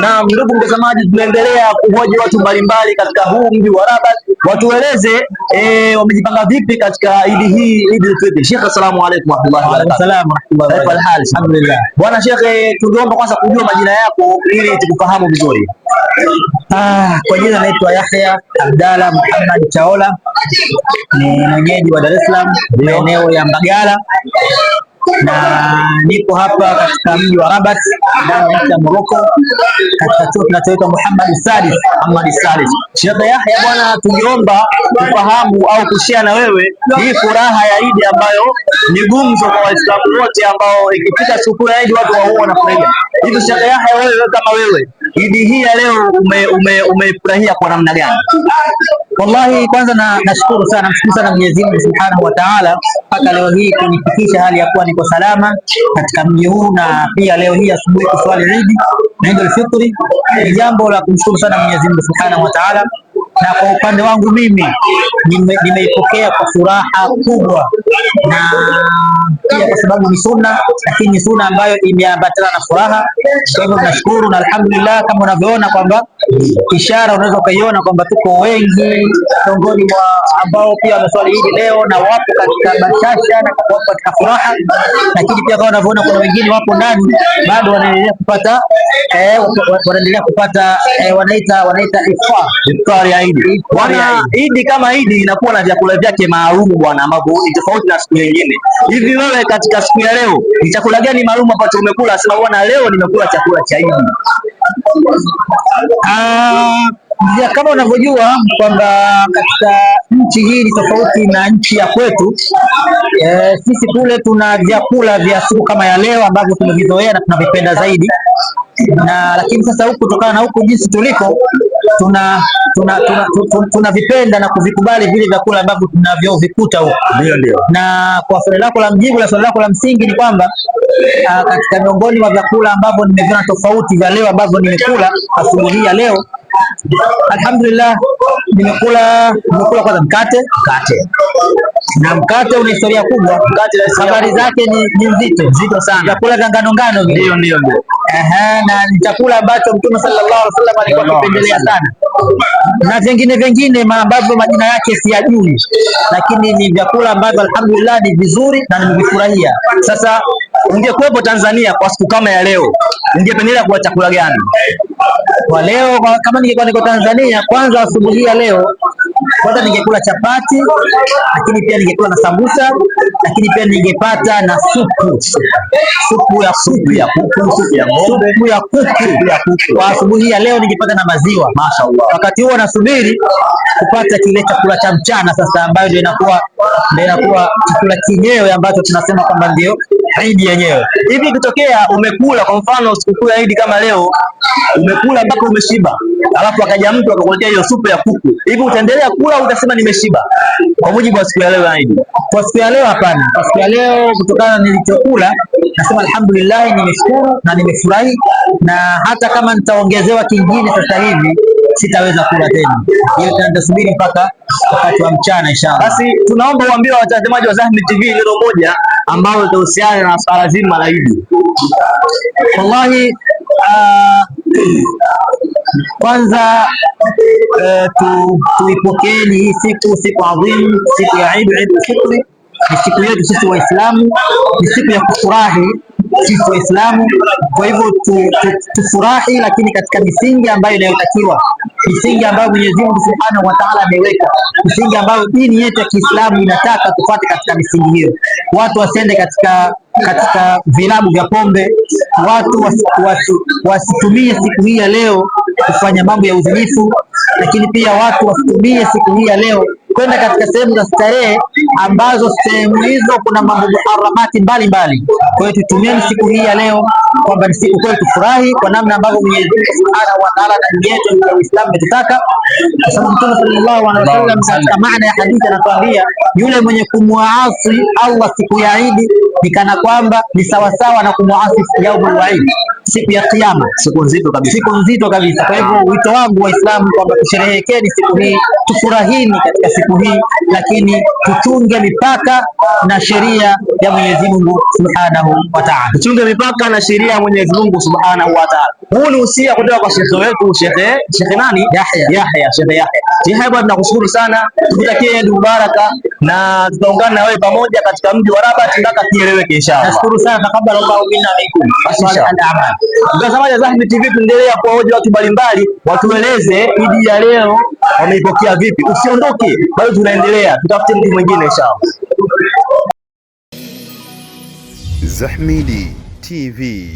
Na ndugu mtazamaji, tunaendelea kuhoji watu mbalimbali katika huu mji wa Rabat, watueleze e, wamejipanga vipi katika idi hii Eid al Sheikh, assalamu alaykum wa rahmatullahi wa barakatuh. Alhamdulillah. Bwana Sheikh, e, tungeomba kwanza kujua majina yako ili tukufahamu vizuri. Ah, kwa jina naitwa Yahya Abdalla Muhammad Chaola, ni mwenyeji wa Dar es Salaam, eneo ya Mbagala na niko hapa katika mji wa Rabat ndani ya nchi ya Morocco katika chuo kinachoitwa Muhammad Salis Muhammad Salis. Sheikh Yahya bwana, tungeomba kufahamu au kushare na wewe hii furaha ya Idi ambayo ni gumzo kwa Waislamu wote ambao ikifika siku ya Idi watu wao wanafurahia. Hivi Sheikh Yahya, wewe kama wewe Idi hii ya leo umeifurahia ume, ume kwa namna gani? Wallahi, kwanza na nashukuru sana, namshukuru sana Mwenyezi Mungu Subhanahu wa Ta'ala mpaka leo hii kunifikisha hali ya kuwa niko salama katika mji huu, na pia leo hii asubuhi kuswali Idi na Eid al ni jambo la kumshukuru sana Mwenyezi Mungu Subhanahu wa Ta'ala na kwa upande wangu mimi nimeipokea kwa furaha kubwa, na pia kwa sababu ni sunna, lakini ni sunna ambayo imeambatana na furaha. Kwa hivyo tunashukuru na alhamdulillah, kama unavyoona kwamba ishara unaweza ukaiona kwamba tuko wengi miongoni mwa ambao pia wameswali hili leo na wapo katika bashasha na wapo katika furaha, lakini pia kama unavyoona kuna wengine wapo ndani bado wanaendelea kupata eh, wanaendelea kupata eh, wanaita wanaita ifa iftar Idi. Bwana Idi kama Idi inakuwa na vyakula vyake maalum bwana, ambavyo ni tofauti na siku nyingine. Hivi wewe katika siku ya leo ni chakula gani maalum ambacho umekula? Sema bwana, leo nimekula chakula cha Idi. Ah, ya kama unavyojua kwamba katika nchi hii ni tofauti na nchi ya kwetu. Eh, sisi kule tuna vyakula vya siku kama ya leo ambavyo tumevizoea na tunavipenda zaidi, na lakini sasa huku, kutokana na huku jinsi tuliko, tuna tunavipenda tuna, tuna, tuna na kuvikubali vile vyakula ambavyo tunavyovikuta huko. Ndio, ndio. Na kwa swali lako la mjibu la swali lako la msingi ni kwamba uh, katika miongoni mwa vyakula ambavyo nimeviona tofauti vya leo ambavyo nimekula asubuhi ya leo alhamdulillah, nimekula nimekula kwanza mkate mkate na mkate una historia kubwa, habari zake ni nzito nzito sana, chakula cha ngano ngano, ndio ndio ndio, ehe, na ni chakula ambacho Mtume sallallahu alaihi wasallam alikuwa akipendelea sana, na vingine vingine ambavyo majina yake siyajui, lakini ni vyakula ambavyo alhamdulillah ni vizuri na nimevifurahia. Sasa ungekuwepo Tanzania kwa siku kama ya leo, ungependelea kuwa chakula gani kwa leo? Kama ningekuwa niko Tanzania, kwanza asubuhi ya leo kwanza ningekula chapati, lakini pia ningekula na sambusa, lakini pia ningepata na supu, supu ya supu ya kuku, supu ya ng'ombe, supu ya kuku. Kwa asubuhi ya leo ningepata na maziwa. Mashaallah. Wakati huo nasubiri kupata kile chakula cha mchana sasa, ambayo ndio inakuwa ndio inakuwa chakula chenyewe ambacho tunasema kwamba ndio idi yenyewe. Hivi ikitokea umekula kwa mfano sikukuu ya idi kama leo umekula mpaka umeshiba, alafu akaja mtu akakuletea hiyo supu ya kuku, hivi utaendelea kula au utasema nimeshiba? Kwa mujibu wa siku ya leo idi Kwa siku ya leo hapana. Kwa siku ya leo kutokana nilichokula nasema alhamdulillah, nimeshukuru na nimefurahi, na hata kama nitaongezewa kingine sasa hivi sitaweza kula tena, nitasubiri mpaka wakati wa mchana inshallah. Basi tunaomba uambie watazamaji wa Zahmid TV neno moja ambao utahusiana na swala zima la Idi. Wallahi, ah, kwanza eh, tuipokeeni hii siku, siku adhimu, siku ya Idi, Idul Fitri ni siku yetu sisi Waislamu, ni siku ya kufurahi sisi Waislamu. Kwa hivyo tufurahi, lakini katika misingi ambayo inayotakiwa misingi ambayo Mwenyezi Mungu Subhanahu wa Ta'ala ameweka, misingi ambayo dini yetu ya Kiislamu inataka tufuate katika misingi hiyo. Watu wasiende katika katika vilabu vya pombe, watu wasitumie wasi siku hii ya leo kufanya mambo ya uzinifu, lakini pia watu wasitumie siku hii ya leo kwenda katika sehemu za starehe ambazo sehemu hizo kuna mambo muharamati mbalimbali. Kwa hiyo tutumieni siku hii ya leo kwamba ni siku kwetu tufurahi kwa namna ambavyo Mwenyezi Mungu Subhanahu wa Ta'ala na dini yetu ya Uislamu imetutaka, kwa sababu Mtume sallallahu alaihi wasallam katika maana ya hadithi anatuambia yule mwenye kumwaasi Allah siku ya Idi ni kana kwamba ni sawasawa na kumwaasi yaumul waidi, siku ya Kiyama, siku nzito kabisa, siku nzito kabisa. Kwa hivyo wito wangu Waislamu kwamba tusherehekeni siku hii, tufurahini katika siku hii, lakini tuchunge mipaka na sheria ya Mwenyezi Mungu subhanahu wa ta'ala, tuchunge mipaka na sheria ya Mwenyezi Mungu subhanahu wa ta'ala. Huu ni usia kutoka kwa shekhe wetu shekhe shekhe nani Yahya Yahya shekhe Yahya Yahya, bwana tunakushukuru sana, tukutakie Eid Mubaraka na tutaungana na wewe pamoja katika mji wa Rabat mpaka kieleweke inshallah. Nashukuru sana, takabala Allahu minna minkum. Mtazamaji Zahmid TV, tuendelea kuwaoja watu mbalimbali watueleze Eid ya leo wameipokea vipi. Usiondoke, bado tunaendelea, tutafute mtu mwingine inshallah. Zahmid TV